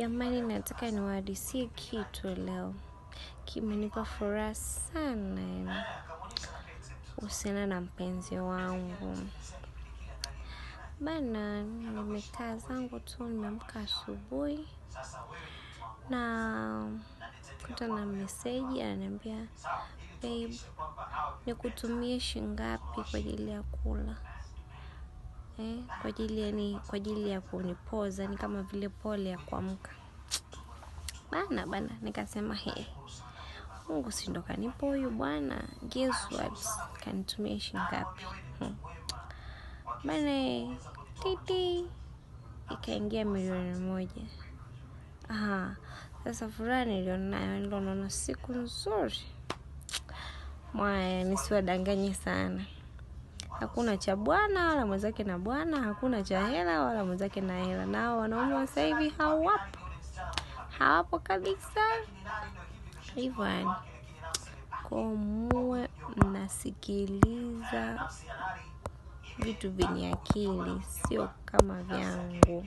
Jamani, nataka niwahadisie kitu leo, kimenipa furaha sana yani, husiana na mpenzi wangu bana. Nimekaa zangu tu, nimeamka asubuhi na kuta na meseji, ananiambia babe, nikutumie shilingi ngapi kwa ajili ya kula kwa ajili yani, kwa ajili ya kunipoza ni kama vile pole ya kuamka bana bana, nikasema he, Mungu si ndo kanipo huyu bwana, guess what, kanitumia shingapi hmm. Bana titi ikaingia milioni moja. Aha, sasa furaha nilionayo ndio naona siku nzuri. Mwaya, nisiwadanganye sana hakuna cha bwana wala mwenzake na bwana, hakuna cha hela wala mwenzake na hela. Nao wanaume wa sasa hivi hawapo, hawapo kabisa. Hivyo kwa muwe mnasikiliza vitu vyenye akili, sio kama vyangu.